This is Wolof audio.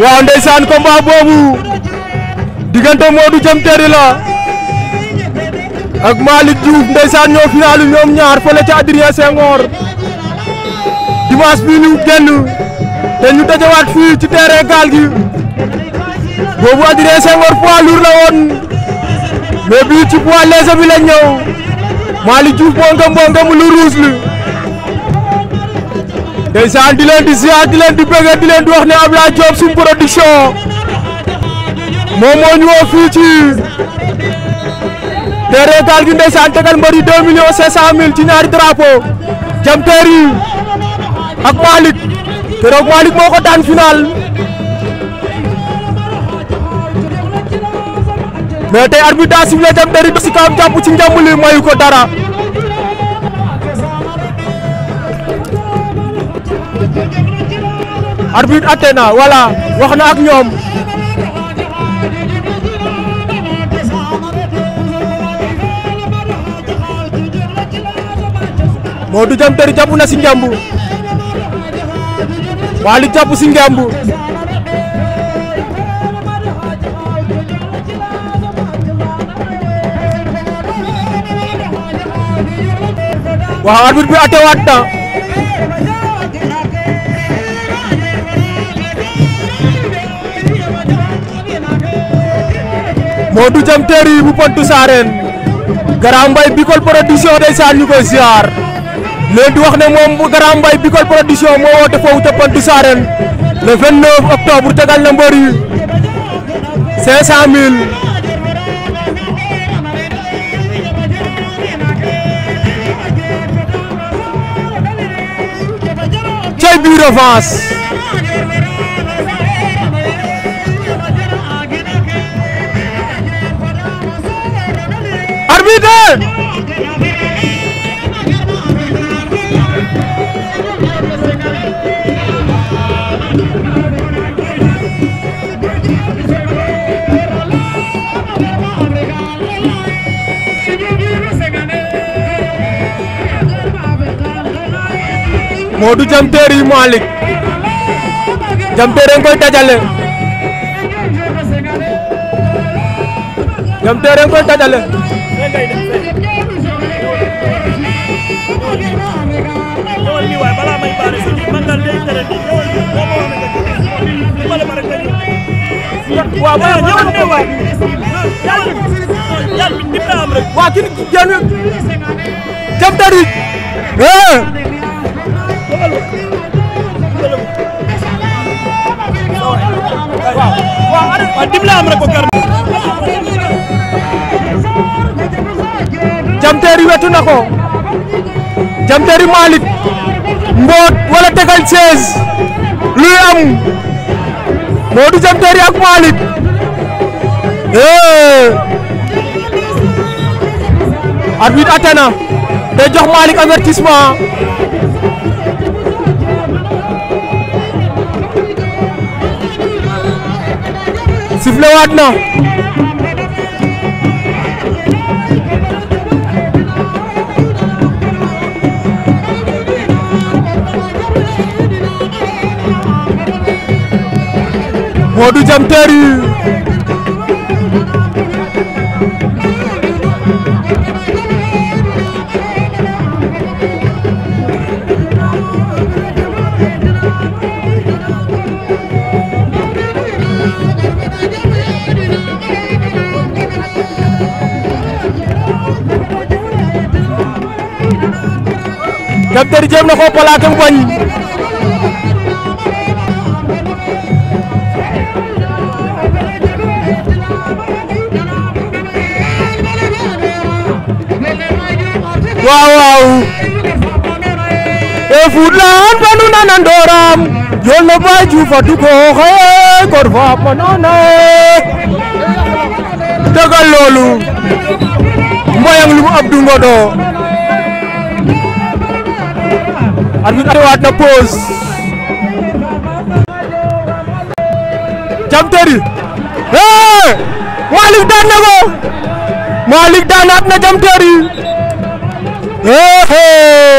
waaw ndeysaan combat boobu diggante Modou Jam Terry la ak Malick Diouf ndeysaan ñoo finalu ñoom ñaar fële ca Adrien Senghor dimanche bi ñu te ñu dajawaat fii ci terrain gaal gi boobu Adrien Senghor poids la woon mais bii ci poids léger bi lañ ñëw Malick Diouf moo ngëm moo ngëm lu ruus li ndeysaan di leen di ziar di leen di bëgg di leen di wax ne Ablaye Diop suñu production moom moo ñu woo fii ci terrain gaal gi ndeysaan tegal mbër yi 2 millions 500 mille ci ñaari drapeau jam teer yi ak Malick keroog Malick moo ko daan final mais tey arbitre daa sifflé jam si kaam jàpp ci njàmbur li dara. arbitre atte na voilà wax na ak ñoom Modou Jam Teri jàpp na si ngemb Wally jàpp si ngemb waaw arbitre bi atte waat na Modou Jam Terry bu Pointe Sarène Grand Mbaye Bicol production ndeysaan ñu koy ziar leen di wax ne moom Grand Mbaye Bicol production moo woote foofu te Pointe Sarène le 29 octobre na mbër yi 500000 cey इधर मोटू रही मालिक जमतेरे को चले कोई को चले day dem fee ñëwal nii waaye balaa may baare si man daal day tere nii ñëwal nii boo ma waxee nga jóg dimbale ma rek nga jóg waaw waaw ñëwal nii waay yàlla yàlla bi dim naa am rek waa kii jël jëm dari hee waaw waaw dim naa am rek ko kar Diam Terry wetu na ko Diam Terry Malick mboot wala tegal 16 luy am Modou Diam Terry ak Malick eh arbitre atte na day jox Malick avertissement sifflé waat na Modou Diam Terry Diam Terry na ko plaqué mu waaw waaw e fuɗlan fanu nana ndoram jolno bay cufatugo xaye kor fa manana tegal loolu mboyang lum abdou ngodo arbitre ate waat na pause jam teri e malik daan na ko malik daanaat na jam teri Oh!